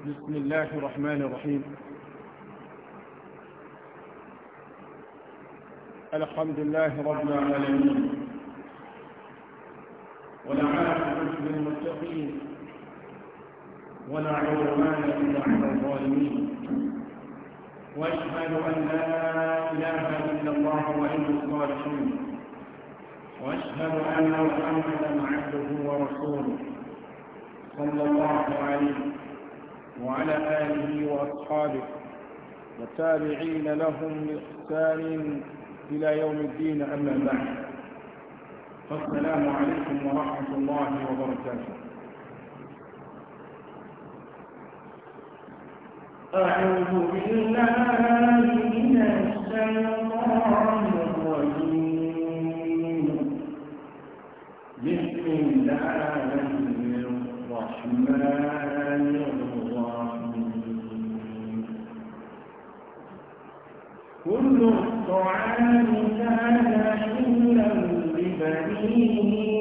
بسم الله الرحمن الرحيم الحمد لله رب العالمين والعاقبة للمتقين ولا عدوان إلا على الظالمين وأشهد أن لا إله إلا الله وحده الصالحين وأشهد أن محمدا عبده ورسوله صلى الله عليه وعلى آله وأصحابه والتابعين لهم بإحسان إلى يوم الدين أما بعد فالسلام عليكم ورحمة الله وبركاته أعوذ بالله من الشيطان الطعام كان حلا لبنيه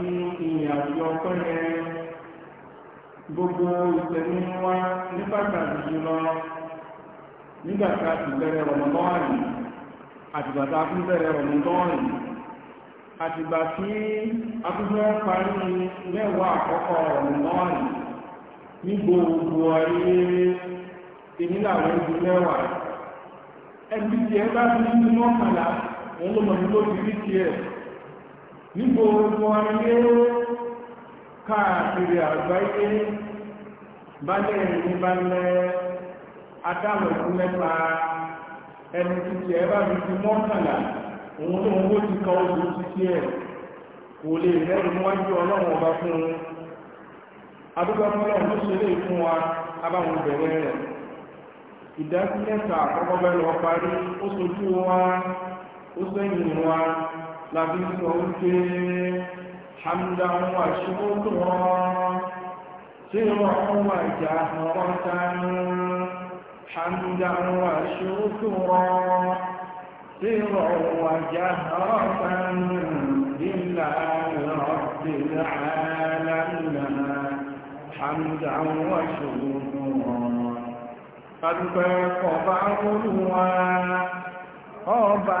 sí ìyìn àti ọpẹ́ rẹ gbogbo ìtẹ̀mí wa ní pàtàkì jùlọ nígbà ti bẹ̀rẹ̀ rọ̀mọ́tọ́rìn àtìgbà tá bẹ̀rẹ̀ rọ̀mọ́tọ́rìn àtìgbà tí parí mẹ́wàá àkọ́kọ́ ní gbogbo ayé mẹ́wàá bá ti ní mọ́kànlá òun ló mọ̀ ní gbogbo ayé káàkiri àgbáyé balẹ̀ ní balẹ̀ adáwọ̀kú mẹ́ta ẹni títí ẹ bá fi ti mọ́kànlá òun ló ń wó ti kọ oṣù títí ẹ kò lè rẹ́rù níwájú ọlọ́run ọba fún un adúgbò ọlọ́run tó ṣe lè fún wa abáwọn bẹ̀rẹ̀ rẹ̀ ìdásílẹ̀ta àkọ́kọ́ bẹ́ẹ̀ lọ parí ó sojú wa ó sẹ́yìn wa lábí sọ wípé hamdan wa ṣubúrọ̀ tí wọ́n wà jà ọ̀rọ̀ tánú hamdan wa ṣubúrọ̀ tí wọ́n wà jà ọ̀rọ̀ tánú nílà rọ̀bìnà alámìnà hamdan wa ṣubúrọ̀ Adúpẹ́ ọba olúwa, ọba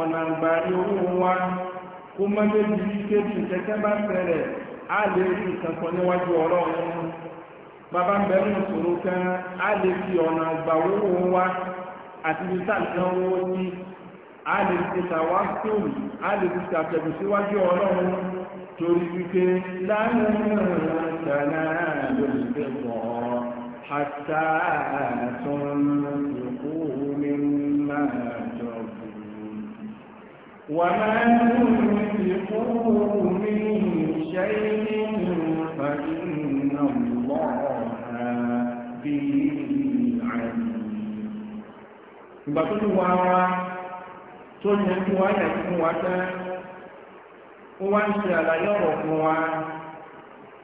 ọ̀nà àgbáyé owó wa kó mọ́jẹ́ bí kéjì kẹ́kẹ́ bá tẹ̀lẹ̀ á lè rí ìkànkọ́ níwájú ọ̀rọ̀ wọn bàbá bẹ̀rù ìṣòro kan á lè fi ọ̀nà àgbà owó wa àti ibi tàbíkan owó ní á lè fi tàwa sóòlù á lè fi tàbẹ̀bù síwájú ọ̀rọ̀ وما تنفقوا من شيء فإن الله به عليم ìgbà tó ní wa wa tó yẹ kí wá yẹ fún wa tẹ́ ó wá ń ṣe àlàyé ọ̀rọ̀ fún wa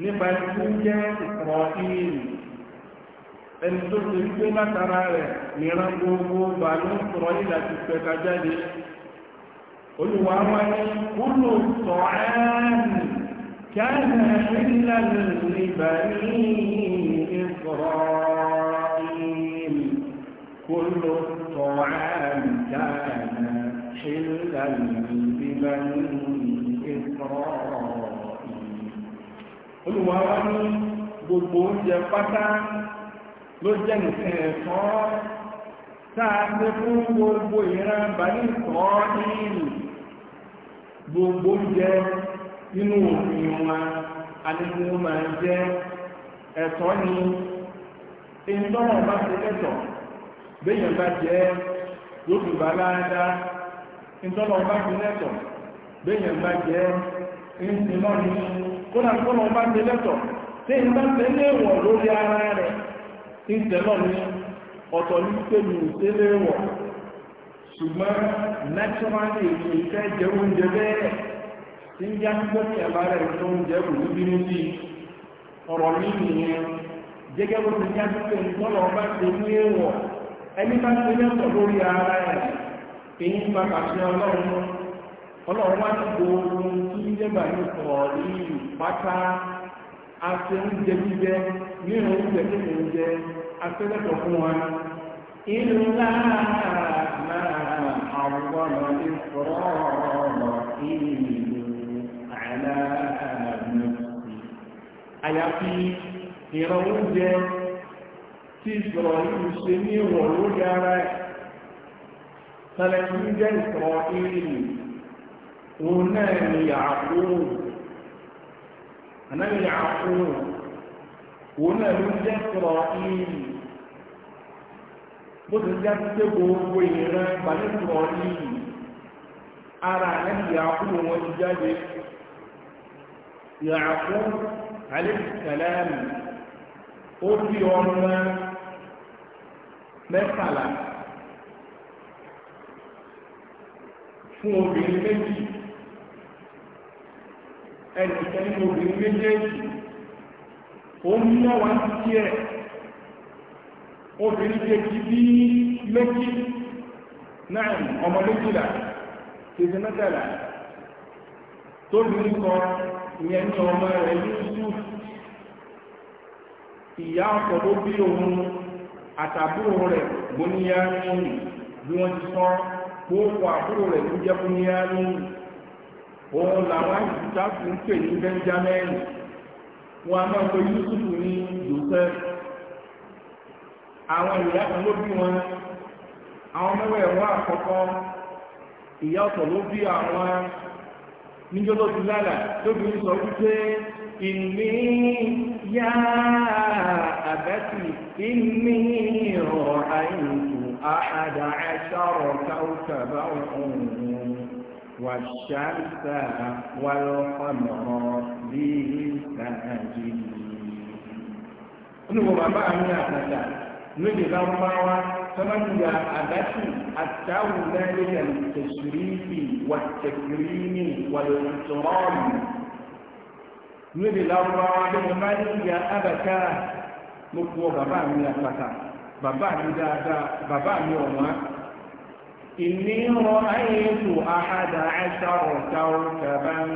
nípa ẹni jẹ́ ìkọ̀rọ̀ ìrìn ẹni tó ṣe wípé látara rẹ̀ mìíràn gbogbo gbà ló ń sọ̀rọ̀ yìí pẹ̀ka jáde قل ومن كل الطعام كان حلا لبني إسرائيل كل الطعام كان حلا لبني إسرائيل قل ومن بطون جفتا لجن sáàtẹ fún gbogbo ìran bàní ìtọ́ gbogbo jẹ nínú òfin wọn ma máa jẹ ẹtọ ni ìtọ́nà bá ti lẹ́tọ̀ béèyàn bá jẹ yóò bá ìtọ́nà bá ti béèyàn bá jẹ ìsinmọ́ ni kódà kọ́nà bá ti tí ìbá lórí ara ni ọ̀tọ̀ ní pé mi ò tẹ́lẹ̀ wọ̀ ṣùgbọ́n naturally èyí ìfẹ́ jẹ oúnjẹ bẹ́ẹ̀ tí ń yá púpọ̀ tí àbá rẹ̀ tó ń jẹ kò ní bínú sí ọ̀rọ̀ mi nìyẹn gẹ́gẹ́ bó ti yá púpọ̀ ìtọ́lọ̀ ọba ti ní èèwọ̀ ẹni bá ti lẹ́tọ̀ lórí ara ẹ̀ èyí ń bá pàṣẹ ọlọ́run ọlọ́run wá ti bo tí ń dẹ́gbà ní sọ̀rọ̀ yìí pátá àti oúnjẹ jíjẹ ní oúnjẹ tí kò ń jẹ afẹ́lẹ́tọ̀ fún wa ìlú náà máa àwọn ìfọ̀rọ̀ ìlú aláàmì àyàfi ìran oúnjẹ tí ìsọ̀rọ̀ ìlú ṣe ní ìwọ̀n lórí ara ẹ̀ tẹlẹtìmí jẹ́ ìsọ̀rọ̀ ìlú òun náà ni àkóò àná ni àkóò òun náà ló jẹ́ ìsọ̀rọ̀ ìlú bó ti já sí pé gbogbo ìran ìbálòpọ̀ ní ara ẹ̀yìn àkúrò wọn ti jáde ìràkú alẹ́sìkàlámì ó bí ọmọ mẹ́tàlá fún obìnrin méjì ẹnìkan nínú obìnrin méjèèjì ó ń mọ́ wá sí ẹ̀ obìnrin kejì bí méjì náà ọmọ méjìlá kejì mẹ́tàlá tó ní kọ ìyẹn ní ọmọ rẹ̀ Yusuf ìyá ọ̀pọ̀ tó bí òun àtàbúrò rẹ̀ gbóníyá ní bí wọ́n ti sọ gbóòkò àbúrò rẹ̀ ló jẹ́ gbóníyá ní òun làwọn ìjìká fún pè ní Benjamin wọn a máa pe Yusuf ní Joseph àwọn ìyá kan ló bí wọn àwọn mẹ́wàá ẹ̀wọ̀n àkọ́kọ́ ìyá ọ̀tọ̀ ló bí àwọn níjọ́ tó ti lálà lóbi ń sọ wípé ìní yá àbẹ́tì ìní ìrọ̀ àìyànjú àhàdà àṣàrọ̀ káwùkàbà ọ̀hún والشمس والقمر لي ساجدين. نقول ما أمنا lóde lárúbáwá tọ́mọ́tìyà àdáṣù àtàwù lẹ́yìn tẹ̀sírìfì wà tẹ̀sírìmì wà lọ́sọ̀rọ̀mù lóde lárúbáwá lóde má ní ìyá abàká mo kú bàbá mi àpàtà bàbá mi dáadáa bàbá mi ọ̀wọ́n ìní rọ ayétu àhàdà àṣàrọ̀ táwọn kàbá ń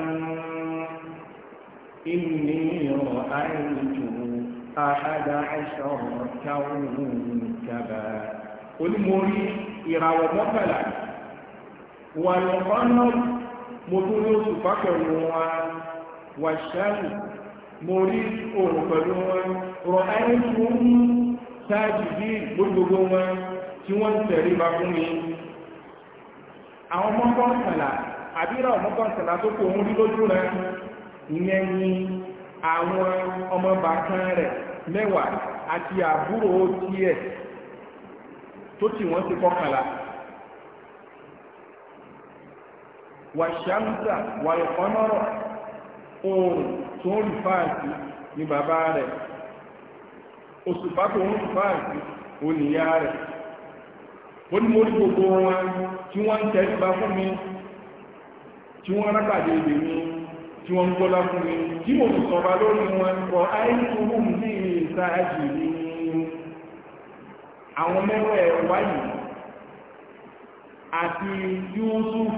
ìní rọ ayétu أحد عشر كوكبا onímọ̀rí ìràwọ̀ mọ́kànlá wà lọ́kànnà mo tún ní oṣù pàpẹ̀lú wọn wà ṣáàlù mo rí òòrùn pẹ̀lú wọn rọ ayé tó ń sáàjì bí gbogbo wọn tí wọ́n ń tẹ̀rí bá fún mi àwọn mọ́kànlá àbíra mọ́kànlá tó kò ń rí lójú rẹ̀ ìyẹn ni àwọn ọmọ bàkan rẹ̀ mẹ́wàá àti àbúrò tiẹ̀ tó tì wọ́n sí kọkànlá wàṣámsà wàlùkọ́nọ́rọ̀ oòrùn tó ń rí fáàsì ni bàbá rẹ̀ òṣùpá tó ń rí fáàsì oníyá rẹ̀ ó ní mo rí gbogbo wọn tí wọ́n ń tẹ́lú bá fún mi tí wọ́n rápàdé ìdè mi tí wọ́n gbọ́lá fún mi tí mo sì sọ̀rọ̀ lórí wọn kọ àìsùnmù ní ìsáájì ní àwọn mẹ́wẹ̀ wáyé àti Yusuf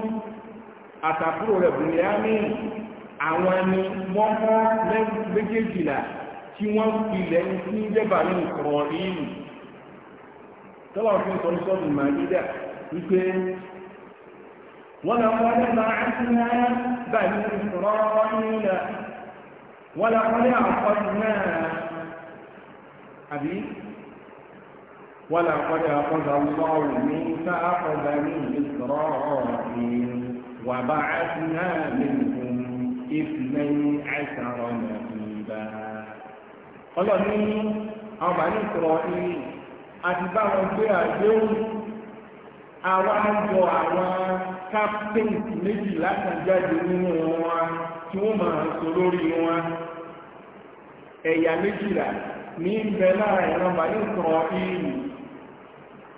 àtàkùrò rẹ̀ bùnìyàmí àwọn ẹni mọ́kọ́ méjèèjìlá tí wọ́n filẹ̀ sí dẹ́bà ní ìkọ̀rọ̀ ìlú tọ́lá òfin sọ ní sọ́dún màgídà wípé ولقد بعثنا بني إسرائيل ولقد أخذنا أبي ولقد أخذ الله ميثاق بني إسرائيل وبعثنا منهم اثني عشر نقيبا قال لي أبني إسرائيل أتباعهم بها جوز àwa ń àwọn captains méjì látàjáde nínú wọn tí wọ́n máa sọ lórí wọn ẹ̀yà méjìlá ní ìbẹ̀ lára ìran bàyí sọ̀rọ̀ ìlú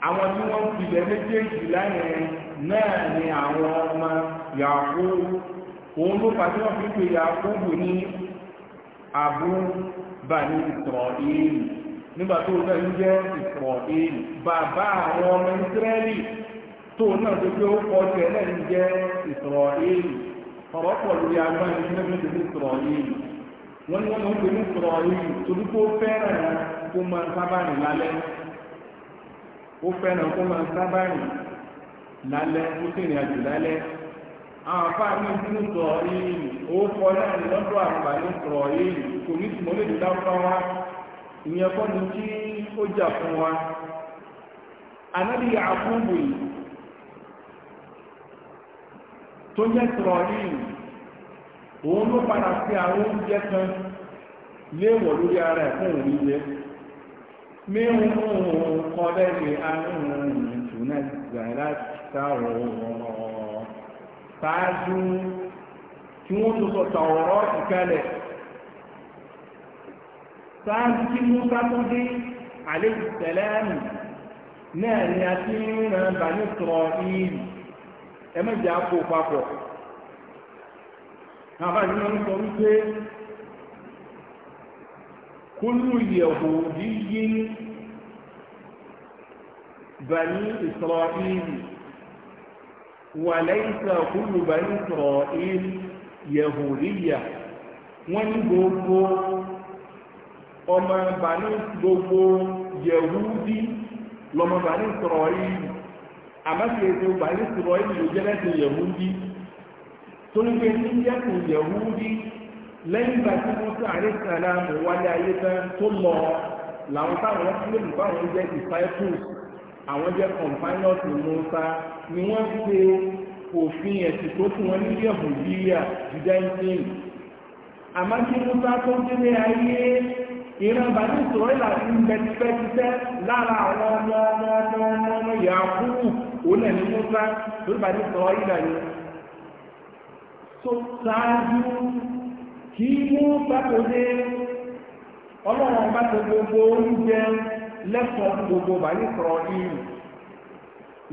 àwọn tí wọn fi lẹ méjèèjì láyẹn náà ni àwọn ọmọ yàkó òun ló pàtí wọ́n fi pè yàkó bù ní àbú ìlú tó náà tó gbé ó kọ ọjọ́ náà jẹ́ ìsọ̀rọ̀ èèlì ọ̀rọ̀ lórí agbára ní mẹ́fẹ́ tó ní ìsọ̀rọ̀ èèlì wọ́n ní wọ́n ń pè ní èèlì fẹ́ràn kó máa lálẹ́ ó fẹ́ràn kó máa lálẹ́ ó sì rìn tó jẹ́ tìrọ̀yìn òun ló padà sí àwọn oúnjẹ kan léèwọ̀ lórí ara ẹ̀ fún òun jẹ míhun kọ́lẹ́ lè ahùn ìtùnà gbàrà sáwọ̀ ṣáájú tí wọ́n tó sọ tọ̀rọ̀ ìkẹlẹ̀ sáájú tí Musa tó dé àlejò tẹ̀lẹ́ẹ̀mù náà ni a ti ń ràn bá ní tọ̀rọ̀ ìlú ẹ mẹ́jẹ̀ àpò papọ̀ àwọn àti wọn sọ wípé kúlù yẹ̀wò yíyí bani isra'ili wà lẹ́yìnsà kúlù bani isra'ili yẹ̀hùríyà wọ́n ní gbogbo ọmọ bani gbogbo yẹ̀húdí lọmọ bani isra'ili àmásì ètò ìgbà ní sọ̀rọ̀ ìlú jẹ́lẹ́sìn yẹ̀wúndí torí pé ní jẹ́sìn yẹ̀wúndí lẹ́yìn ìgbà tí wọ́n sọ àrí sàlámù wálé ayé tán tó lọ làwọn táwọn fúlẹ̀mù báwọn jẹ́ disciples àwọn jẹ́ companions Mùsá ni wọ́n ṣe òfin ẹ̀sìn tó fún wọn ní yẹ̀wúndí yà judaism àmásì Mùsá tó délé ayé ìran bàbá ìṣòro ìlànà ń bẹ tipẹ́tipẹ́ lára àwọn ọmọ ọmọ ọmọ ọmọ ọmọ ìyá kúrú òun náà ní mọ́tà lórí bàbá ìṣòro ìlànà tó ṣáájú kí mú pàtòdé ọlọ́run bá tó gbogbo oúnjẹ lẹ́kọ̀ọ́ gbogbo bàbá ìṣòro ìlú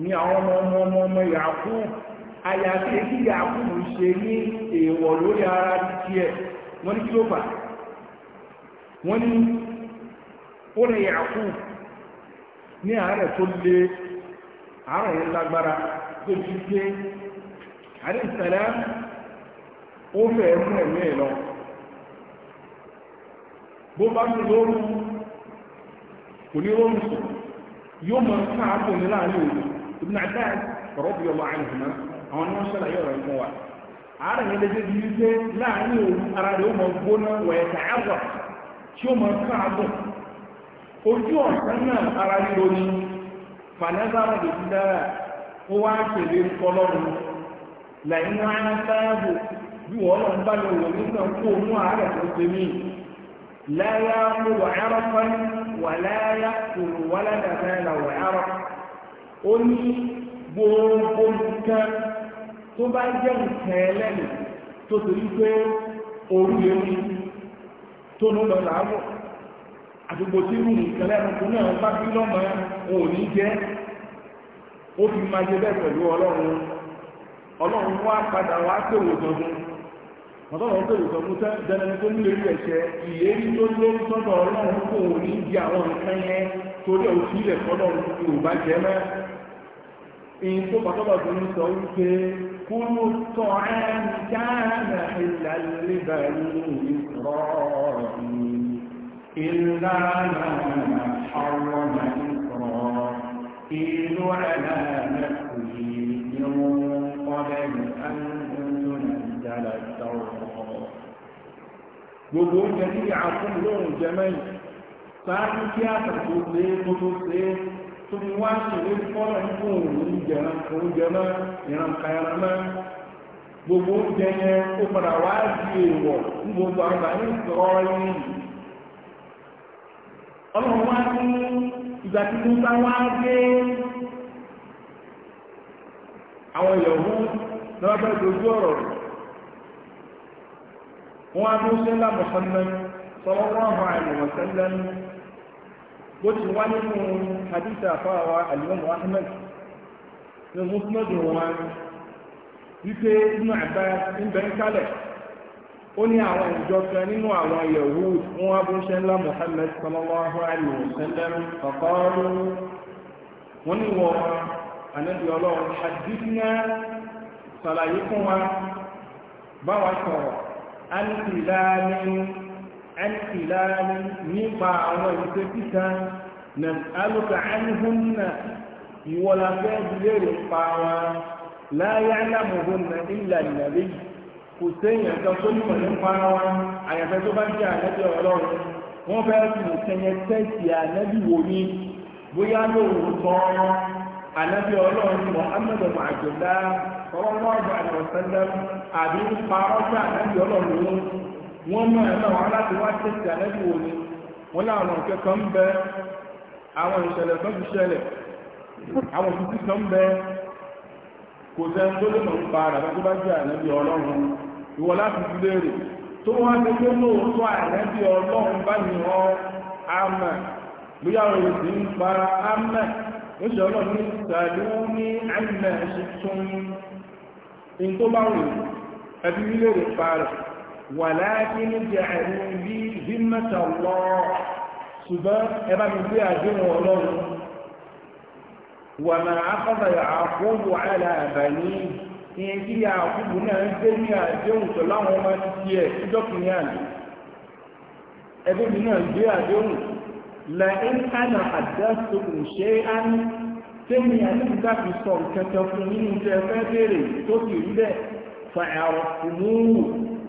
ni àwọn ọmọ ọmọ ọmọ ọmọ ìyá àyàfi èyí ìyá ṣe ní èèwọ̀ lórí ara tiẹ̀ wọ́n ní kí ló fà wọ́n ní ó rẹ̀ yàkú ní àárẹ̀ tó lé àárẹ̀ yẹn lágbára tó ti pé àárẹ̀ ìsẹ̀lẹ̀ ó fẹ́ mú ẹ̀mí ẹ̀ lọ bó bá ní lóòrùn kò ní lóòrùn sùn yóò mọ̀ káàkò ní láàrin òru ibùdó àdáyé rọ́bì ọmọ àìsàn àwọn náà ṣàlàyé ọ̀rọ̀ ìfún wa àárẹ̀ yẹn lè dé bí wípé láàrin òru ara rẹ̀ ó mọ̀ gbóná tí ó mọ̀ káàbọ̀ ojú ọ̀sán náà ara ríro ni fanazara lè fi dára ó wá tẹ̀lé kọlọ́run lẹ́yìn ara sáàbò bí wọ́n lọ ń bá lè wọ̀ nígbà kó mú ààrẹ tó ṣe mí láyá mú wàhárọ̀ fún wà láyá kùrù wà ládàá náà wàhárọ̀ ó ní gbogbo nǹkan tó bá jẹ́ nǹkan ẹlẹ́nu tó torí pé orí ewu tó ló lọ abụọ, àdúgbò tí rú nǹkan lẹ́rùnkú náà bá bí lọ́mọ òun ní jẹ́ ó fi máa bẹ́ẹ̀ pẹ̀lú ọlọ́run ọlọ́run wá padà wá pèrò ọ̀dọ̀gún ọ̀dọ́rọ̀ pèrò ọ̀dọ̀gún tẹ́ dẹnẹni tó nílé rí tó sọ́dọ̀ ọlọ́run ní àwọn nǹkan yẹn torí ilẹ̀ yóò bá كلوا الطعام كان حلا لبني إسرائيل إلا ما حرم إسرائيل على نفسه من قبل أن ينزل التوراة gbogbo جميع ní àkúndùn jẹmẹ́ sáà ní kí àtàkùn ṣe é tó ní wá ṣèlé ọrụ nípò oúnjẹ oúnjẹ náà ìrànkà gbogbo oúnjẹ yẹn ó padà wá di ní gbogbo àgbà ní ìsọ̀rọ̀ yìí ọlọ́run wá ní ìgbà tí mo bá wá dé àwọn ìyàwó dojú wọn á ṣe ńlá wọn bó ti wá nínú hadita fáwa alimọ́mù ahmed ní mọ́sánmọ́dù wọn wípé inú àbá ìbẹ̀ ń kálẹ̀ ó ní àwọn ìjọ kan nínú àwọn yẹ̀wù wọn wá bó ń ṣe ńlá muhammed sallallahu alaihi wa ọ̀kọ́rù wọn ni wọn ànábì ọlọ́run hadithina sàlàyé fún wa báwa sọ̀rọ̀ alìsìlámi àìsìláàrin nípa àwọn ìṣẹ́ títà na alùkà àìhúnnà ìwọlafẹ́ ìlérí pa wa láyé alámùhúnnà ilà ìnàrí kò sẹ́yìn ẹ̀ka tó ní mọ̀ nípa wa àyàfẹ́ tó bá jẹ́ àlẹ́bí ọlọ́run wọ́n fẹ́ fi ìkẹyẹ tẹ́sì àlẹ́bí wò ní bóyá lóòótọ́ àlẹ́bí ọlọ́run Muhammad Abdullah sallallahu alaihi wasallam àbí parọ́sà àlẹ́bí ọlọ́run wọ́n mọ ẹ̀mọ́ láti wá tẹ̀sí àlẹ́bí wo ni wọ́n láwọn kan bẹ àwọn ìṣẹ̀lẹ̀ tó ti ṣẹlẹ̀ àwọn bẹ kò sẹ́ tó lè mọ̀ ń pa tó bá jẹ́ ọlọ́run ìwọ láti fi léèrè tó ti ọ òye ń pa ó ṣe ọlọ́run ní ní ṣe tún ní tó bá wù ẹbí walakin ja'alu bi zimmata Allah ṣùgbọ́n ẹ bá mi gbé àdéhùn ọlọ́run wà máa akọ́dà Yaqubu ala bani ìyẹn kí Yaqubu náà ń gbé ní àdéhùn pẹ̀lú àwọn ọmọ títí ẹ̀ síjọ́kùnrin àná ẹgbẹ́ mi náà gbé àdéhùn lẹ́yìn àná àdásókùn ṣe á ní tẹ́mi àdúgbà fi sọ nǹkan kan fún nínú tẹ́ fẹ́ bèèrè tó sì rí bẹ́ẹ̀ fàyàwó fún mú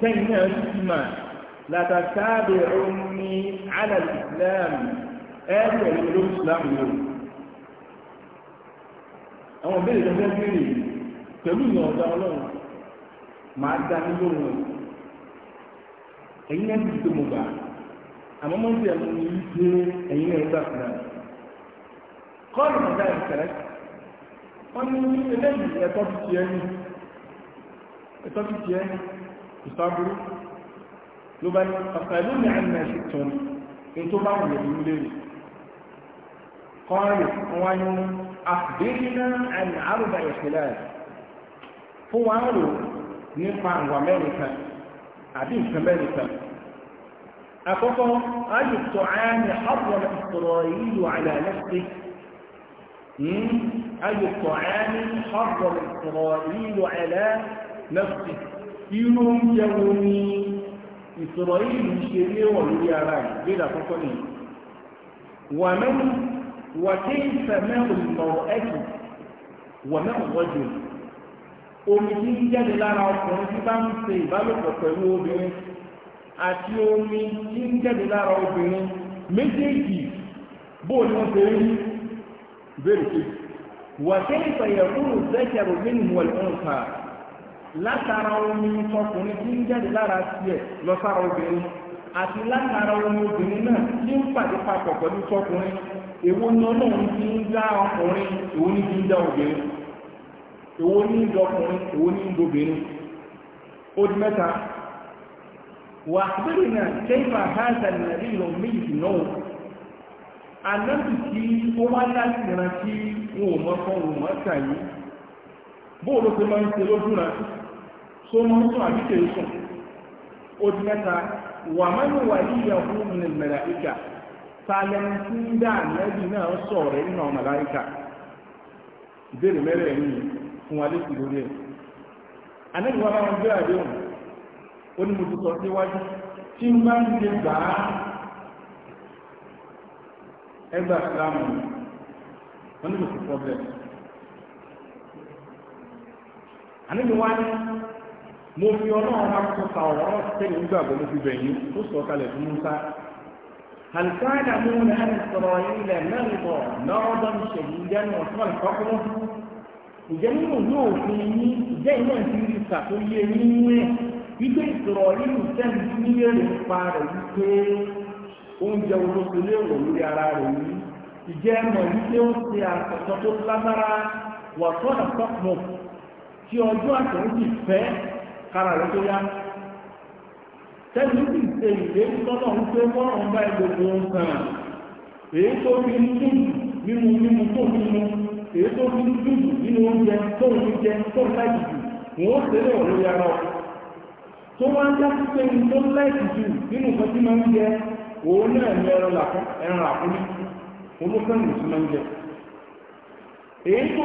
kẹ́yìn náà ti mà látàkàbè òun ní alẹ́ ìsìláàmù ẹ̀rù ẹ̀rù olórí ìsìláàmù yóò àwọn ìbéèrè tó fẹ́ béèrè pẹ̀lú ìyàn ọ̀dà ọlọ́run máa dá ní lóhùn ẹ̀yìn náà ti tó mo gbà àmọ́ mọ́ ti ẹ̀mú ní ṣe ẹ̀yìn náà gbà fún mi. kọ́ọ̀lù kọjá ìṣẹ̀lẹ̀ wọ́n ní eléyìí ẹ̀tọ́ ti tiẹ̀ ní ẹ̀tọ́ ti tiẹ̀ ní. ìsáburú ló bá ní ọ̀pẹ̀lú ní àmì ẹ̀ṣì tún ní tó bá wùlẹ̀ ìlú lérí kọ́rin wọn ni àbíríná àmì àrùbá ìṣẹ̀lẹ̀ fún wa rò nípa àwọn amẹ́ríkà àbí nǹkan mẹ́ríkà àkọ́kọ́ ayùtọ̀ àmì àwọn ìṣòro ìlú àlàlẹ́sẹ̀ أي الطعام حرم إسرائيل على نفسه irú oúnjẹ wo ni ìsọ̀rọ̀ yìí ń ṣe ní wọ̀ lórí ara ẹ̀ gbéra kọ́kọ́ ni wà mẹ́wù wà kí ìfẹ̀mẹ́ olùmọ̀rọ̀ ẹ̀kù wà mẹ́wù wọ́jù omi tí ń jáde lára ọkùnrin tí bá ń ṣe ìbálòpọ̀ pẹ̀lú obìnrin àti omi tí ń jáde lára obìnrin méjèèjì bóò ni wọ́n ṣe rí bẹ́ẹ̀ kejì wà kí ìfẹ̀yẹ̀kú zẹ́kẹ̀rù nínú wọ̀lẹ́ látara omi tọkùnrin tí ń jáde lára tiẹ̀ lọ sára obìnrin àti látara omi obìnrin náà tí ń pàdé papọ̀ pẹ̀lú tọkùnrin èwo ni ọlọ́run ti ń dá ọkùnrin èwo ni ti ń dá obìnrin èwo di mẹ́ta wà náà méjì náà anábì tí ó wá láti wọn ò yìí bóòlù máa ń ṣe tó mọ́ sún àbí kèrè sùn ó ti mẹ́ta wa mẹ́nu wà ní ìyàwó malaika màláíkà tààlẹ́ni tí ń na àmì náà sọ rẹ̀ nínú àwọn màláíkà ìbéèrè mẹ́rẹ̀ ẹ̀mí fún wa létí lórí ẹ̀ anẹ́bí wa máa ń ti sọ síwájú tí problem mo fi ọlọ́run bá tó ka ọ̀rọ̀ tẹ́lẹ̀ nígbàgbọ́ mo fi bẹ̀yìn tó sọ kalẹ̀ fún musa alkaada mu ní àná sọ̀rọ̀ ilẹ̀ mẹ́rìnbọ̀ lọ́rọ́dọ́ mi ṣèyí jẹ́nu ọ̀tún àlùfákúrọ́ ìjẹ́ nínú yóò fi yín ìjẹ́ iná ti rí ìta tó yé nínú ẹ̀ wípé ìsọ̀rọ̀ nínú sẹ́ni tí nílé rẹ̀ ń pa rẹ̀ wípé oúnjẹ olóṣèlú èrò lórí ara rẹ̀ yìí ìjẹ́ ẹ̀mọ̀ wípé ó ṣe àtọ̀tọ̀ tó lágbára wà tọ́nà tọ́kùnù tí ọjọ́ àtẹ̀wé ti fẹ́ kára rẹ̀ tó yá tẹ́lú sì ṣe ìlérí tọ́nà ń pé fọ́nà ń bá gbogbo ọ̀sán èyí tó fi ń dùn nínú nínú tó nínú èyí tó fi ń dùn nínú oúnjẹ tó ń jẹ tó ń láì jù wọ́n ṣe lórí ara tó wá ń já sí pé ní tó ń láì jù nínú nǹkan tí máa ń jẹ òun náà ní ẹran olókàn ní tí máa ń jẹ èyí tó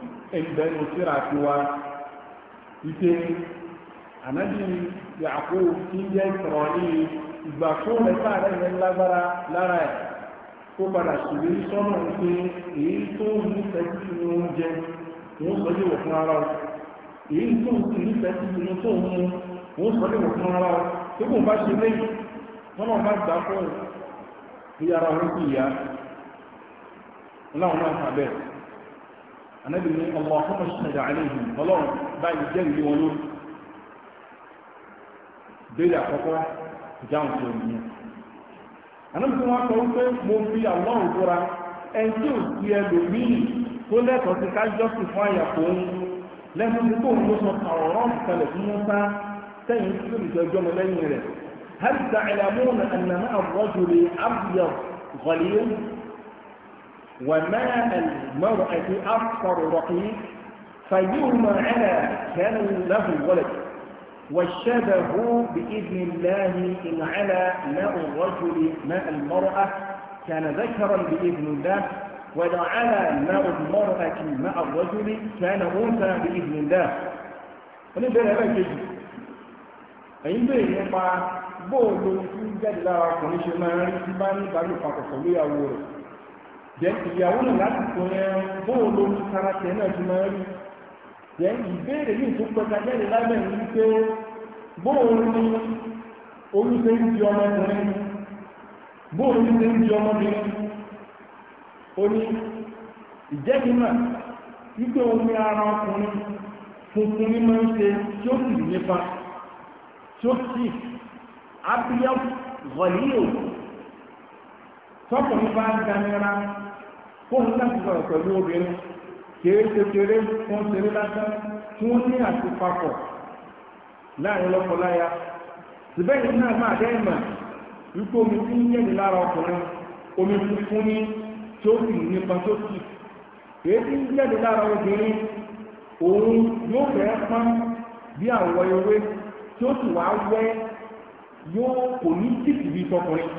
ẹgbẹ̀rún síra ti wá ike ànábì yàkó tí ń jẹ́ ìtọ̀rọ̀ ní ìgbà tó rẹ̀ sáré lágbára lára ẹ̀ tó padà ṣùgbé sọ́nà èyí tó oúnjẹ sọ lè wọ̀ fún ara èyí tó nífẹ̀ẹ́ sí ní tó mú wọ́n sọ lè wọ̀ fún ara tó kò bá ṣe anábì ní ọmọ ọkọ̀ ṣẹ̀dá àlejò ọlọ́run báyìí jẹ́ ìlú wọn lórí béèrè àkọ́kọ́ ìjáhùn tó nìyẹn anábì tí wọ́n sọ wípé mo fi àlọ́run búra ẹni tí ò sí ẹlòmíì tó lẹ́tọ̀ọ́ sí kájọ́ sí fún àyàfó ń lẹ́nu tí ń lọ sọ àwòrán ìkàlẹ̀ fún wọn sá sẹ́yìn tí ó lè jọ mọ lẹ́yìn rẹ̀ هل تعلمون أن مع الرجل أبيض غليل وماء المرأة أكثر رقيق فيهما على كان له ولد والشبه بإذن الله إن على ماء الرجل ماء المرأة كان ذكرا بإذن الله وإن على ماء المرأة ماء الرجل كان أنثى بإذن الله ونبدأ لها كيف ẹ̀yìn bèèrè nípa bóòlù tí ń jáde lára ọkùnrin ṣe máa jẹ́ ìyàwó náà láti kò yẹn bóun ló ní karatẹ̀ náà ti máa rí jẹ́ ìbéèrè ní ìtò pẹ̀ka jáde lábẹ́ ní wípé bóun ní oníṣẹ́ ń di ọmọkùnrin bóun ní ṣe ń di ọmọbìnrin ó ní ìjẹ́bímọ̀ wípé omi ara ọkùnrin funfun ní máa ń ṣe tí ó sì nípa tí ó sì ápíyá wọ̀líyò tọkùnrin bá ń gamira fún láti sọ̀rọ̀ pẹ̀lú obìnrin kéré kékeré fún ṣeré lásán tí wọ́n ní àti papọ̀ láàrin lọ́kọláya síbẹ̀yìn náà máa dẹ́ ìmọ̀ wípé omi tí ń jẹ́ni lára ọkùnrin omi funfun ní tí ó sì nípa tó sì èyí tí ń jẹ́ni lára obìnrin òun yóò fẹ́ pọ́n bí àwọ̀ ewé tí ó sì wá wẹ́ yóò kò ní tìtìbí tọkùnrin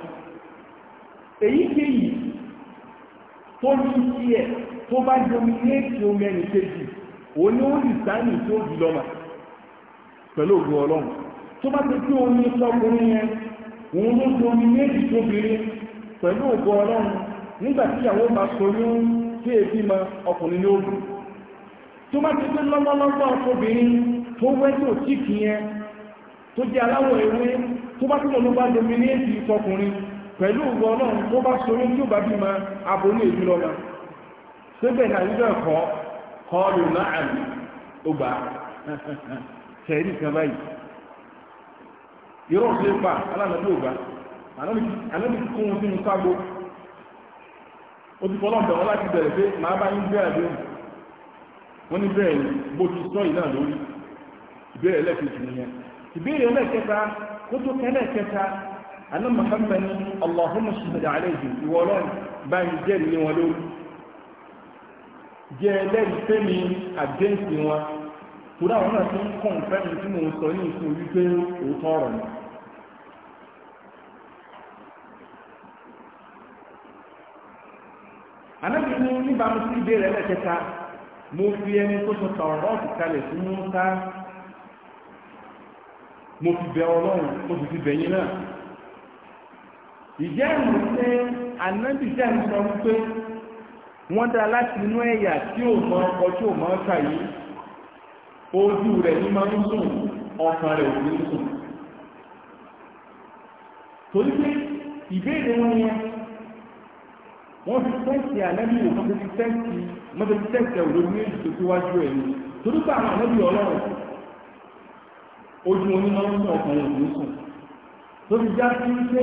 èyí kéyìí tó ní sí ẹ̀ tó bá dominate omi ẹni kejì òun ó lè sáyìn tó di lọ́mà pẹ̀lú ògùn ọlọ́run tó bá ti omi yẹn òun ló tóbìnrin pẹ̀lú ògùn ọlọ́run nígbà bá ma ọkùnrin ní ògùn tó bá ti tóbìnrin tó wẹ́tò tíkì yẹn tó jẹ́ aláwọ̀ ewé tó bá tí pẹ̀lú ògbọ́ ọlọ́run tó bá sorí tí ó bí ma aborí èdè lọ́la síbẹ̀ ní àyíká ẹ̀kọ́ kọlù láàrín ó gbà tẹ̀rí kan báyìí irọ́ sí pa alánàbí ò gbà alánàbí kún un sínú ságo ó ti fọlọ́ bẹ̀rẹ̀ láti bẹ̀rẹ̀ pé màá bá yín bẹ́ẹ̀ lóhùn wọ́n ní bẹ́ẹ̀ ni bó ti sọ lórí ìbéèrè ìbéèrè kótó anna muhammad allahumma shahid alayhim ìwọlọ́n bá ń jẹ́ ní wọn ló jẹ́ lẹ́rìí pé mi àgbẹ́ǹsì wọn kúrò àwọn náà ti ń kọ́ nǹkan tí mo sọ ní ìfún wípé òótọ́ ọ̀rọ̀ ni anábì ní níbàámu sí ìbéèrè ẹlẹ́kẹta mo fi ẹni tó sọ tàwọ̀rọ̀ọ̀tì kalẹ̀ fún mú ta mo fi bẹ ọlọ́run mo sì fi bẹ̀yìn náà ìjẹ́ ìmọ̀ pé ànábì jẹ́ ń sọ wípé wọ́n dá láti inú ẹ̀yà tí ò mọ ọkọ̀ tí ò mọ ọkà yìí ojú rẹ̀ ní máa ń sùn ọkàn rẹ̀ ò ní sùn torí pé ìbéèrè wọn yẹn wọ́n fi tẹ́sì ànábì ò mọ́ fi tẹ́sì mọ́ fi tẹ́sì ẹ̀ òdòdó méjì tó síwájú ẹ̀ ni torí pé àwọn ànábì ọlọ́run ojú wọn ní máa ń sùn ọkàn rẹ̀ ò ní sùn tó já sí pé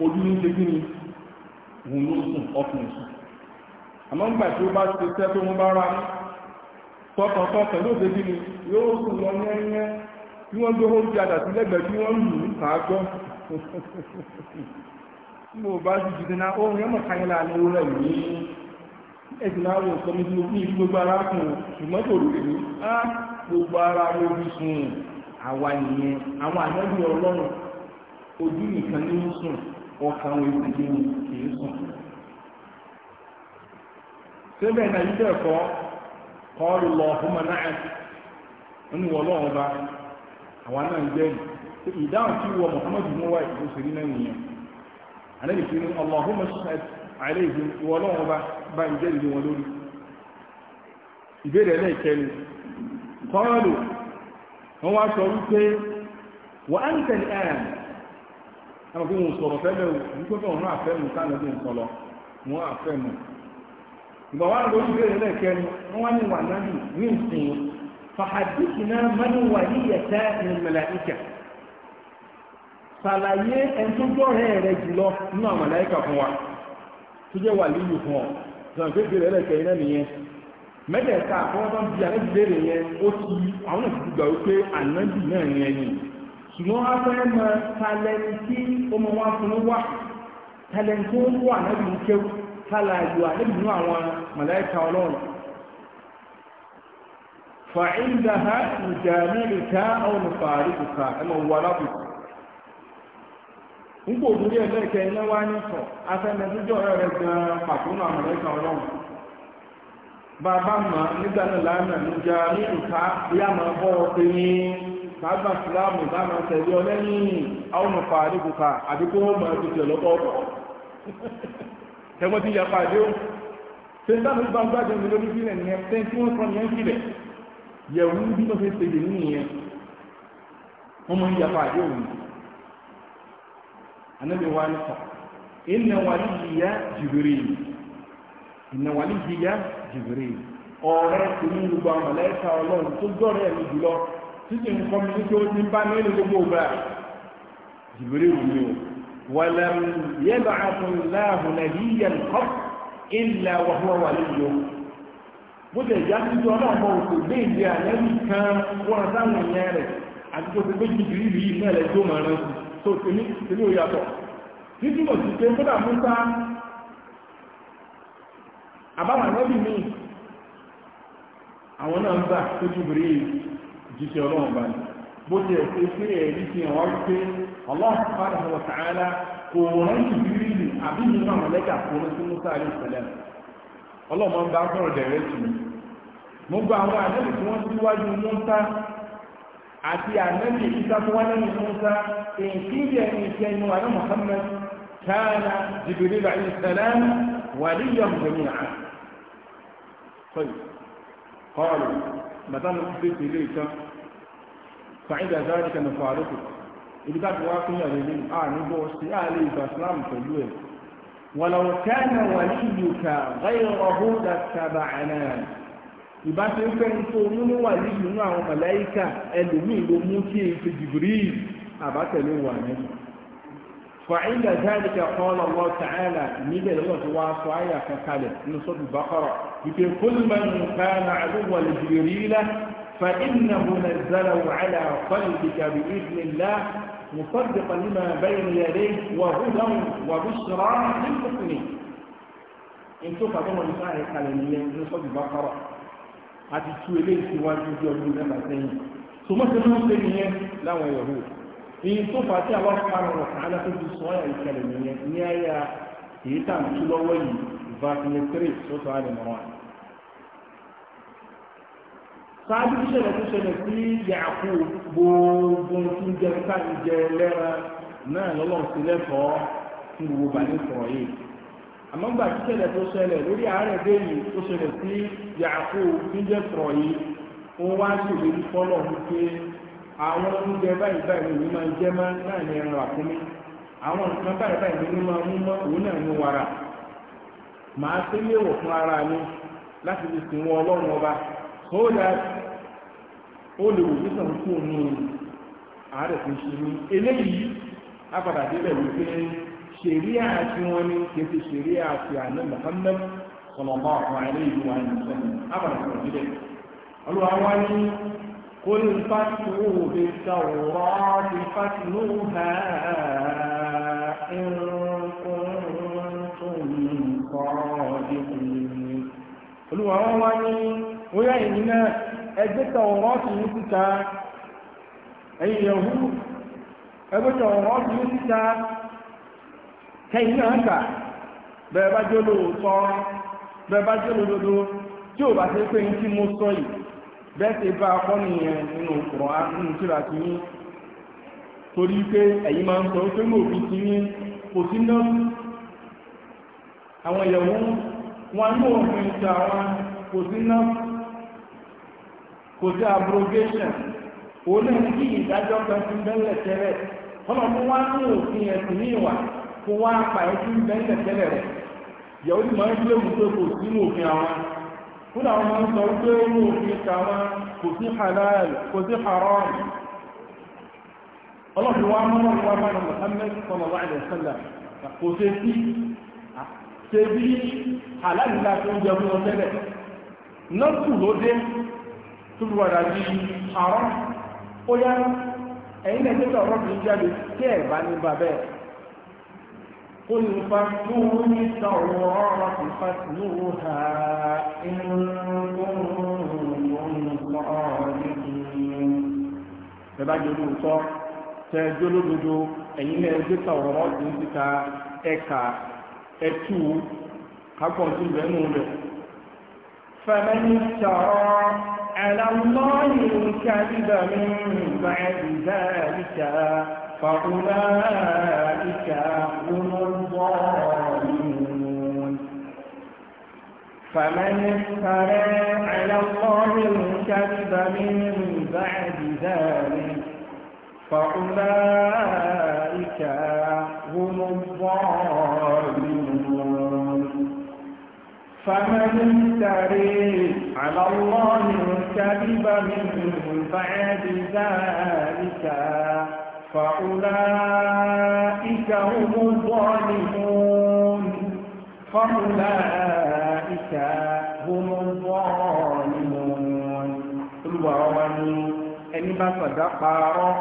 ojú ní ṣe kí ni òun ló sùn ọkùnrin sùn àmọ́ nígbà tí ó bá ti ṣe tó ń bá ra ní tọkàntọkàn ló ṣe kí yóò sùn lọ yẹ́nyẹ́ bí wọ́n gbé oúnjẹ àdàtí lẹ́gbẹ̀ẹ́ bí wọ́n lù ú mo bá náà mọ̀ ní rẹ̀ gbogbo ara kùn ṣùgbọ́n tó á gbogbo ara sùn ọkàn wọn ti kí ni kìí sùn síbẹ̀ náà yí bẹ́ẹ̀ kọ́ kọ́ọ̀lù lọ ọ̀húnmọ̀ náà nínú ọlọ́run bá àwọn náà ń jẹ́ ìdáhùn tí Muhammadu muwa wá ìgbésòrí náà nìyẹn àlẹ́bí fi ní Allahumma shahid àìlẹ́yìn ìwọ ọlọ́run bá bá ń jẹ́ ìlú wọn lórí ìbéèrè ẹlẹ́ẹ̀kẹ́ni kọ́ọ̀lù wọ́n wá sọ wípé wọ́n á ń tẹ̀lé ẹmọ pé wọn sọ̀rọ̀ fẹ́lẹ̀ wípé wọn náà fẹ́mù sáàlẹ̀ bí nǹkan lọ wọn á fẹ́mù ìgbà wà ìbéèrè lẹ́ẹ̀kẹ́ni wá ní wà náà ní ìsìn mẹ́nu wà ní ìyẹ̀tẹ́ ní sàlàyé rẹ̀ rẹ̀ jùlọ nínú fún wa tó jẹ́ wà fún ọ ṣùgbọ́n wọ́n fẹ́ mọ talẹ̀ntì tí wọn fún wà talẹ̀ntì tó wà náà ń kéwù ha ìjàmẹ́ríkà àwọn olùfààríkùkà ẹmọ wà lábùkù ń kò dúrí ẹlẹ́ẹ̀kẹ́ iná wá ní sọ afẹ́mẹ́síjọ́ rẹ̀ gan pàtó náà màláìka ọlọ́run bàbá mọ̀ nígbà náà lánàá bí a máa bọ́ ọ kágbà síláàmù dáná tẹ̀lé ọ lẹ́yìn àwọn ọ̀pá àdíkùkà àbí kó wọ́n máa tètè lọ́tọ̀ọ̀tọ̀ tẹ́gbọ́n ti yà pàdé ó ṣe ń dáná gbà gbàjẹ́ mi lórí sílẹ̀ ní ẹ̀fẹ́ tí wọ́n sọ́ni ẹ̀ sílẹ̀ yẹ̀wù bí wọ́n fi ṣèlè ní ìyẹn wọ́n máa ń yà pàdé òun anábì wa ní kọ̀ ìnà wàlíyìyà Jibril ìnà wàlíyìyà Jibril ọ̀rẹ́ tèmi gbogbo àmọ̀lẹ́ka ọlọ́run tó jọ́rẹ́ mi jùlọ títí nǹkan mi tó ti bá mi ní gbogbo ọgbà jìbìrì wù mí o wàlẹ̀ yẹ́bà àtúnláhùn nàbí yẹn kọ́ ilẹ̀ wàhùn wà lẹ́yìn o bó tẹ̀ já sí tó ọlọ́run òkú gbé ìdí àlẹ́bí kan wọ́n sáwọn ìyẹn rẹ̀ àti tó ti gbé jìbìrì yìí náà lẹ́ tó máa rántí tó tèmi tèmi ò yàtọ̀ títí mo sì pé kódà mú sá àbáwọn àlẹ́bí mi àwọn náà ń gbà tó jìbìrì yìí jíṣẹ́ ọlọ́run bá ní bó ti ẹ̀sẹ̀ pé ẹ̀rí fi hàn wáyé pé Allah subhanahu wa ta'ala kò rán Jibril àbí nínú àwọn lẹ́tà fún sí Musa alayhi salam ọlọ́run bá sọ̀rọ̀ dẹ̀rẹ́ tì mí mo gba àwọn àdébì tí wọ́n síwájú Musa àti ànábì ìta tó wá lẹ́yìn Musa èyíkéyìí ẹni ìṣẹ́nu àná ليك fàídà záàrí kan fà àrókù ibi ká ti wá fún yàrá ilé ààrin bọ́ sí ààrẹ ìgbà islam pẹ̀lú ẹ̀ wàlàwọ̀ kẹ́nà wà ní ìlú ka gáyọ̀ ọ̀hún da sábà àná ìbá ń fẹ́ tó nínú wà ní ìlú àwọn màláìkà ẹlòmíì ló mú kí n fi jìbìrì àbátẹ̀lé wà nínú فعند ذلك قال الله تعالى نيجي لله واسو آية كالي من سورة البقرة يقول كل من فإنه نزله على قلبك بإذن الله مصدقا لما بين يديه وهدى وبشرى للمؤمنين انتو فاطمه نساء الكلاميه من صوت البقره àti tú eléyìí síwájú bí ọdún mẹ́ta sẹ́yìn tó mọ́sẹ̀ máa ń pè nìyẹn láwọn ẹ̀rọ èyí tó fà á tí àwọn ọ̀pára rọ̀ kàn án láti fi sọ ọ́yà ìṣẹ̀lẹ̀ nìyẹn ní àyà èyí tà ń tú lọ́wọ́ yìí vatican 3 sọ́tọ̀ àdìmọ́wọ́n sáájú ìṣẹ̀lẹ̀ tó ṣẹlẹ̀ sí yàkú gbogbo tí ń gbogbo bàdé sọ̀rọ̀ yìí àmọ́ gbà tí ìṣẹ̀lẹ̀ tó ṣẹlẹ̀ lórí àárẹ̀ déyìí tó ṣẹlẹ̀ sí yàkú tí ń jẹ bayi fún ara mi láti fi wọn ọba so that ó lè wò ní òun ààrẹ tó ṣe ní eléyìí apàdà débẹ̀ wípé ṣèríà tí wọ́n ní kéde ṣèríà ti àná Muhammad sọlọ́mọ́ àwọn eléyìí wà ní sẹ́yìn apàdà tó débẹ̀ olùwà wá ní bóyá ìyìn náà ẹgbẹ́ tọ̀wọ̀rọ́ọ̀tì yìí síta ẹ̀yìn yẹ̀hú ẹgbẹ́ tọ̀wọ̀rọ́ọ̀tì yìí síta náà kà bẹ́ẹ̀ bá jẹ́ bẹ́ẹ̀ bá jẹ́ tí ò bá ṣe pé ní mo sọ yìí bẹ́ẹ̀ ṣe bá akọ́ nìyẹn nínú Kùránì nínú tíra ti torí pé ẹ̀yin máa ń ní wọn kò sí kò sí abrogation òun náà kí ìdájọ́ kan ti bẹ́lẹ̀ tẹ́lẹ̀ ọlọ́mú wá ní òfin ẹ̀sìn ní ìwà kó wá pa ẹ̀ tí ń bẹ́lẹ̀ tẹ́lẹ̀ rẹ̀ yẹ̀wò ti máa ń gbé wípé kò sínú òfin àwọn fún àwọn máa ń sọ wípé inú òfin tàwọn kò sí halal kò sí haram ọlọ́mú wá mọ́nà wá bá ní Muhammad sallallahu alaihi wasallam kò sí sí ṣe bí halal láti oúnjẹ fún ọ tẹ́lẹ̀ ló dé tó fi wàdà bí àárọ̀ ó yá ẹ̀yìn náà tẹ́tọ̀ ọ̀rọ̀ fi jáde tí ẹ̀ bá ní bàbẹ́ kó lè fa tó ní ta ọ̀rọ̀ ọ̀rọ̀ fi fa sí owó ha inú Bẹ̀bá jẹ́ olóòótọ́, tẹ́ ẹjọ́ lódodo, ẹ̀yin náà ẹjọ́ ta ọ̀rọ̀ ọ̀dún kápọ̀ tún bẹ̀ẹ́nu rẹ̀. Fẹ́mẹ́ ní ṣàrọ́ على الله الكذب من بعد ذلك فأولئك هم الظالمون فمن افترى على الله الكذب من بعد ذلك فأولئك هم الظالمون فمن افتري على الله الكذب منهم بعد ذلك فأولئك هم الظالمون فأولئك هم الظالمون olùwàwani ẹni bá fàdá pààrọ̀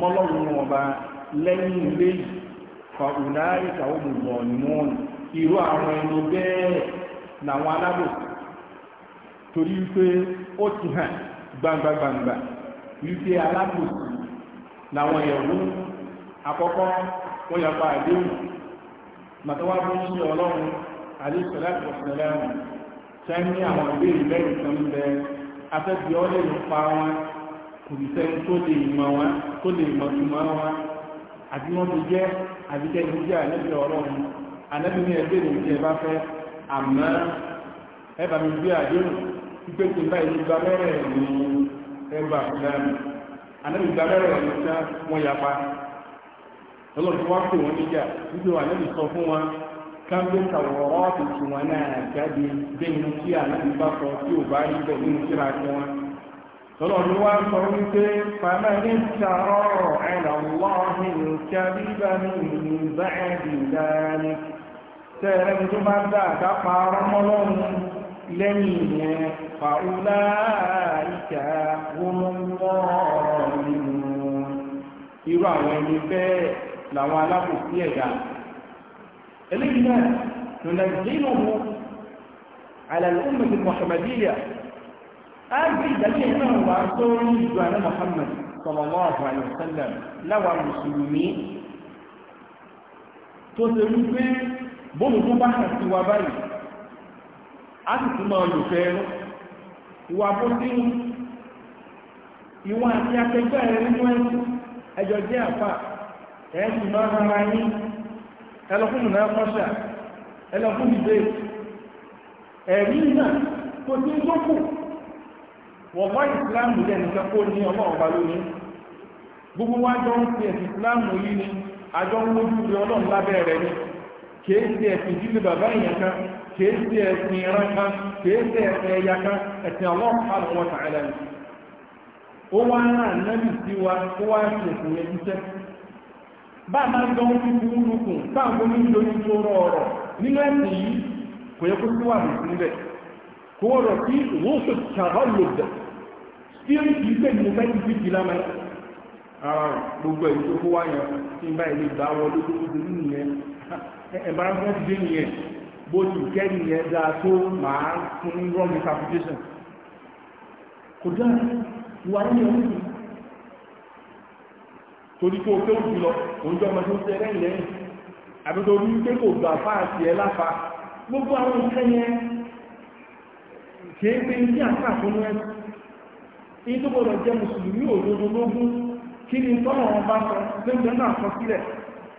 mọ́lọ́run ọba lẹ́yìn ilé yìí fàwùlá ìkàwọ́ gbogbo ọ̀nìmọ́ọ̀nì irú àwọn ẹni bẹ́ẹ̀ na wọn torí wípé ó ti hàn gbangbangbangba wípé na wọn ìyàwó àkọ́kọ́ wọ́n yàpa àdéhùn màtọ́wá fún ṣe ọlọ́run àdéṣọ́láàtì ọ̀sẹ̀lẹ́rùn tẹ́ ní àwọn ìbéèrè lẹ́yìn kan ń bẹ afẹ́bí ọlẹ́ nípa wọn kò sì tó lè wọn tó lè mọ̀ túmọ̀ wọn àti ti àbíkẹ́ ìdíjẹ́ ọlọ́run ẹgbẹ́ ìdíjẹ́ bá fẹ́ àmọ́ ẹbà mi gbé àdéhùn pípé tí báyìí ní gbàmẹ́rẹ̀ ní ẹgbà fúlàní anábì gbàmẹ́rẹ̀ ní sá wọ́n yapa ya wá pè wọ́n níjà níbi wà lẹ́bi sọ fún wọn ní tẹ́ẹ̀rẹ́ mi tó bá dá àkápa ọmọlọ́run lẹ́yìn ìyẹn fàúlá ìkà wọ́nmọ́ nínú irú àwọn ẹni bẹ́ẹ̀ làwọn alábòsí ẹ̀dá eléyìí náà nùnàìjíríhù alàlùmọ̀tì mọ̀hàmàdíyà á gbé ìdájọ́ náà wá sórí ìjọ àná mọ̀hàmàdì sallallahu alaihi wasallam láwa mùsùlùmí tó ṣe wípé bóòlù tó bá hàn sí báyìí a sì tún máa lò ìwà bó sínú ìwà àti akẹgbẹ́ ẹjọ jẹ́ àfà ẹ̀sìn máa ń yín ẹlọ́fún ìná kọ́ṣà ẹlọ́fún ẹ̀rí náà ìsìláàmù nìkan kó ní ọmọ gbogbo ń fi ìsìláàmù yìí ni àjọ ń lójú ọlọ́run lábẹ́ ni kìí sí ẹ̀sìn jíjù bàbá ya kan kìí ẹ̀sìn ìran kan kìí ẹ̀sìn ẹ̀yà kan ẹ̀sìn ọlọ́run kan tààlà ni ó wá ń rán nẹ́bì sí wa ó wá ń ṣe ìpínlẹ̀ jíṣẹ́ bá máa ń gan orí burú lukùn táwọn omi ń lórí tó rọ ọ̀rọ̀ nínú ẹ̀sìn yìí kò yẹ kó sí wà ní sílẹ̀ kó rọ̀ sí ìwọ́sọ̀ ṣàrọ̀ lòdẹ̀ tí ó kìí pé mo fẹ́ ti fi gbogbo ẹ̀yìn tó kó wáyàn tí bá environment dé nìyẹn bó ti kẹ́ nìyẹn dáa tó máa fún ní wrong interpretation kò dáa ìwà ní ọdún yìí torí pé o tó jù lọ òun ọmọ tó ń tẹ àbí tó rí pé kò gbà fáà tiẹ̀ láfa gbogbo àwọn yẹn àṣà fún ní tó mùsùlùmí òdodo lógún kí ni wọn bá sọ náà sọ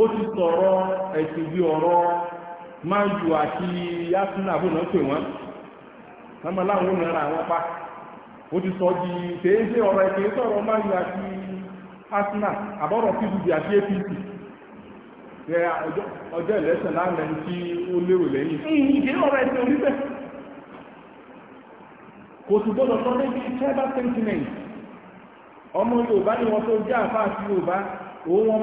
ó ti sọ̀rọ̀ ẹ̀sìn bí ọ̀rọ̀ manju àti yasuna àbúrò pè wọ́n sọ́mọ láwọn na nara àwọn pa ó ti sọ di kéèké ọ̀rọ̀ ẹ̀sìn sọ̀rọ̀ manju àti yasuna àbọ̀rọ̀ pdp àti apc rẹ ọjọ́ ìlẹ́sẹ̀ lánàá ẹni tí ó lérò lẹ́yìn. ọ̀rọ̀ ẹ̀sìn kò sì gbọ́dọ̀ sọ tribal sentiment ọmọ yorùbá ni wọ́n tó jẹ́ àfáà sí yorùbá òun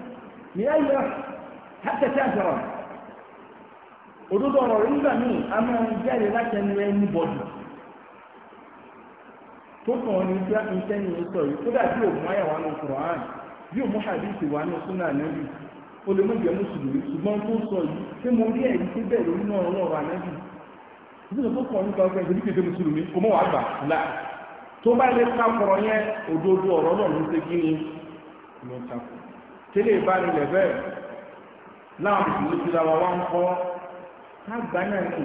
لأي حتى كافرا òdodo ọ̀rọ̀ rẹ̀ nígbà míì a ń jáde láti ẹnu ẹni bọ̀dù tó kàn ọ́ ní bí a ń tẹ́ni sọ yìí kódà bí òun ayà wà ní Qur'an bí òun hadith wà ní súnà ànábì lè mú ṣùgbọ́n tó sọ yìí mo rí tó bẹ̀rẹ̀ lórí náà ànábì tó kàn nípa ọgbẹ́ mùsùlùmí kò mọ̀ wá gbà là tó bá lè ká yẹn òdodo tẹ́lẹ̀ ìbánilẹ̀ bẹ́ẹ̀ láwọn ìṣòro ti ra wa wá ń kọ́ kágbá náà nì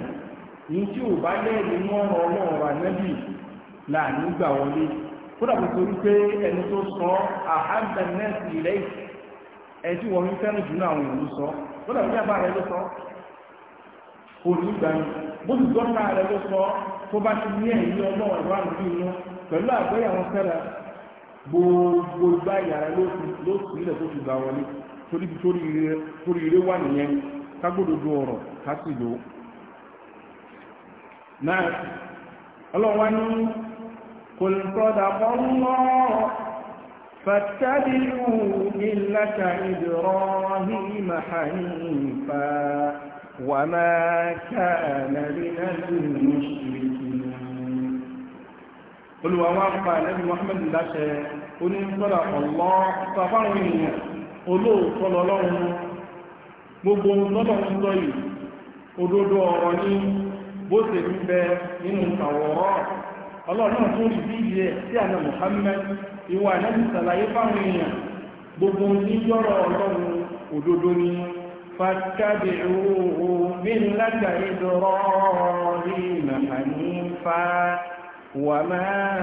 ní tí ò bá lẹ́ẹ̀lì mú ọ̀rọ̀ ọlọ́run wa nẹ́bì láàánú gbà wọlé kódà torí pé ẹni tó sọ àhàbẹ̀ nẹ́ẹ̀sì ilẹ̀ ẹ̀ tí wọ́n fi fẹ́ràn jù sọ kódà ba sọ kò ní bó ti ti gbogbo gbá ìyàrá ló sì ilẹ̀ tó ti gbà wọlé torí torí ire wà nìyẹn kágbódodo ọ̀rọ̀ ká sì lò ó. náà ọlọ́wà ní kò lè sọ́dà fọ́nmọ́ فاتبعوا ملة إبراهيم حنيفا وما كان من المشركين olùwà wá ń pa ẹ̀lẹ́bí Muhammad láṣẹ onítọ́lá ọ̀lọ́ sàfáwọn èèyàn olóòtọ́ lọ́lọ́run gbogbo lọ́lọ́run sọ yìí òdodo ọ̀rọ̀ ní bó ṣe ń bẹ nínú àwọ̀rọ̀ ọlọ́run tó rí bí sí àná Muhammad ìwà ẹ̀lẹ́bí sàlàyé fáwọn èèyàn gbogbo ní ọlọ́run òdodo ni fàtàbíhù min lágbàá ìdọ̀rọ̀ ìmọ̀ ànífàá وما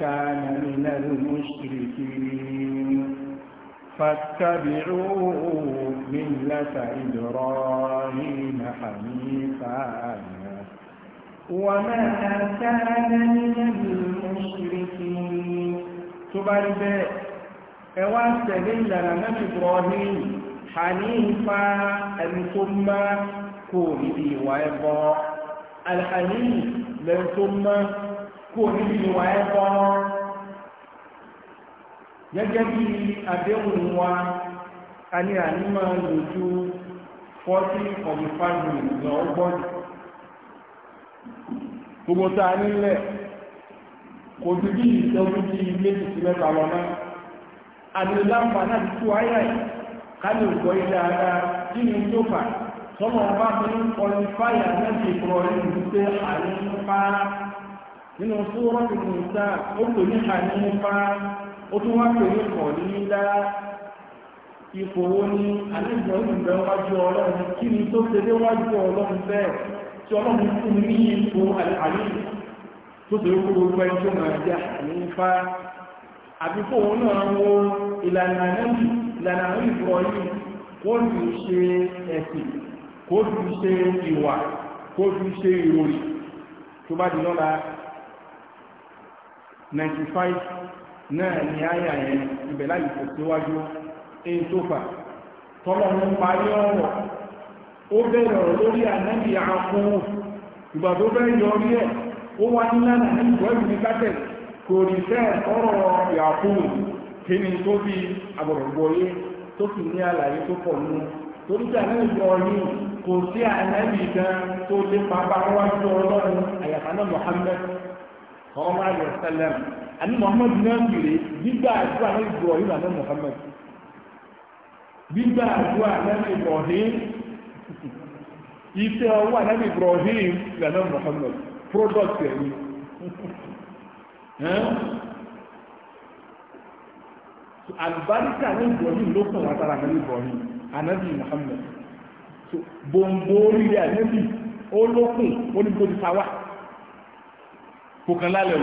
كان من المشركين فاتبعوا ملة إبراهيم حنيفا وما كان من المشركين تبرد أواصل لنا من إبراهيم حنيفا ثم كوري ويبا الحنيف ثم kó níbi ìwà ẹ̀kọ́ gẹ́gẹ́ bí àdéhùn wa a ní ànímọ̀ lójú 40 of the family lọ gbọ́dọ̀ gbogbo tá a nílẹ̀ kò ju bí ìṣẹ́jú bí méjì sí mẹ́ta lọ náà àdìrí náà ti tú ayé yìí ká lè gbọ́ ara kí ni tó fà sọ́mọ̀ bá fi ń kọlu fáyà mẹ́sì ìkọlù ìdúpẹ́ àrífáà nínú súnrọ́ ìmúta ó pè ní àníyànfà ó tún wá pè ní kọ̀ nílá ipò wo ni àníjọ ìgbẹ̀ wájú ọlọ́run kí ni tó ṣe dé wájú ọlọ́run ọrụ tí ọlọ́run fún ní ipò àlè tó ṣe gbogbo ẹjọ́ máa jẹ́ òun náà wo ìlànà ìlànà ìfọ̀ yìí kó fi ṣe ẹ̀sìn kó fi ṣe ìwà kó fi ṣe ìròyìn tó bá 95 náà ni àyà yẹn ibẹ̀ láyé kò síwájú èyí tó fà tọ́lọ̀ ń parí ọ̀rọ̀ ó bẹ̀rẹ̀ ọ̀rọ̀ lórí ànábì àkóhùn ìgbà tó bẹ́ẹ̀ yọrí ẹ̀ ó wá ní lánà ní ìgbẹ́rù ní kátẹ̀ kò rí fẹ́ ọ̀rọ̀ ìyàkóhùn kí ni tó fi àbọ̀rọ̀gbọ̀yé tó sì ní àlàyé tó pọ̀ nù torí pé ànábì ọ̀rí kò sí ànábì gan tó lépa bá Muhammad ọmọ àlè ọ̀sẹ̀lẹ̀m àní muhammadu náà ń yèrè gbígbà àdúrà náà ìgbọ̀ yìí lànà muhammad gbígbà àdúrà náà ibrahim iṣẹ́ ọwọ́ ànábì ibrahim lànà muhammad product ẹ̀mí àlùbáríkà náà ibrahim ló kàn wá sára ànábì ibrahim ànábì muhammad bòǹbò orílẹ̀ ànábì ó lókùn ó kò kan lálẹ̀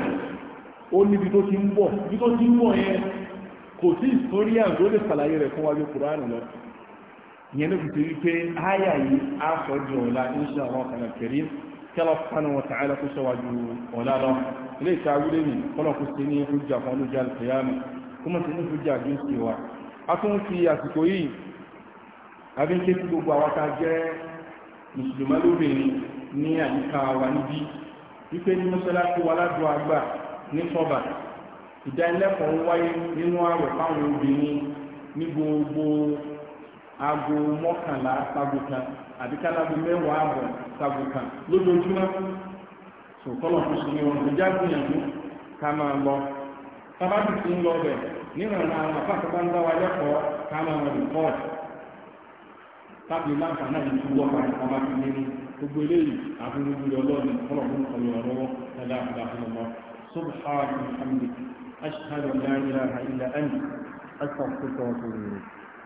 o ó níbi tó ti ń bọ̀ bí tó ti ń bọ̀ yẹn kò sí historian tó lè ṣàlàyé rẹ̀ fún wa bí kùránù lọ ìyẹn ló fi ti rí pé áyà yìí á sọ di ọ̀la insha Allah kana karim kẹlọ fanu wa ta'ala kó sọ wájú ọ̀la lọ ilé ìta wílé ni kọlọ kó sí ní hujja fún olùjà alkiyama kó mọ̀ sí ní hujja bí ń wa a tún fi àsìkò yìí àbí ń ké sí gbogbo àwọn tá a jẹ́ mùsùlùmá lóbìnrin ní àyíká wa níbí wípé ní mọ́sálásí wa ládùn àgbà ní sọ́bà ìdánilẹ́kọ̀ọ́ ń wáyé nínú ààwẹ̀ fáwọn obìnrin ní gbogbo aago mọ́kànlá sago kan mẹ́wàá àbọ̀ sago lójoojúmọ́ sòkòlò fún sinmi wọn kò gbìyànjú ká máa lọ ti ń lọ bẹ̀ àwọn ń bá wa lẹ́kọ̀ọ́ ká máa rìn pọ́ọ̀tù tábìlì láǹfààní gbogbo eléyìí àti gbogbo ilé ọlọ́ọ̀ni ọlọ́run ọlọ́rọ̀ aláàbàlọ́ subhanahu wa ta'ala ashhadu an la ilaha illa anta astaghfiruka wa atubu ilayk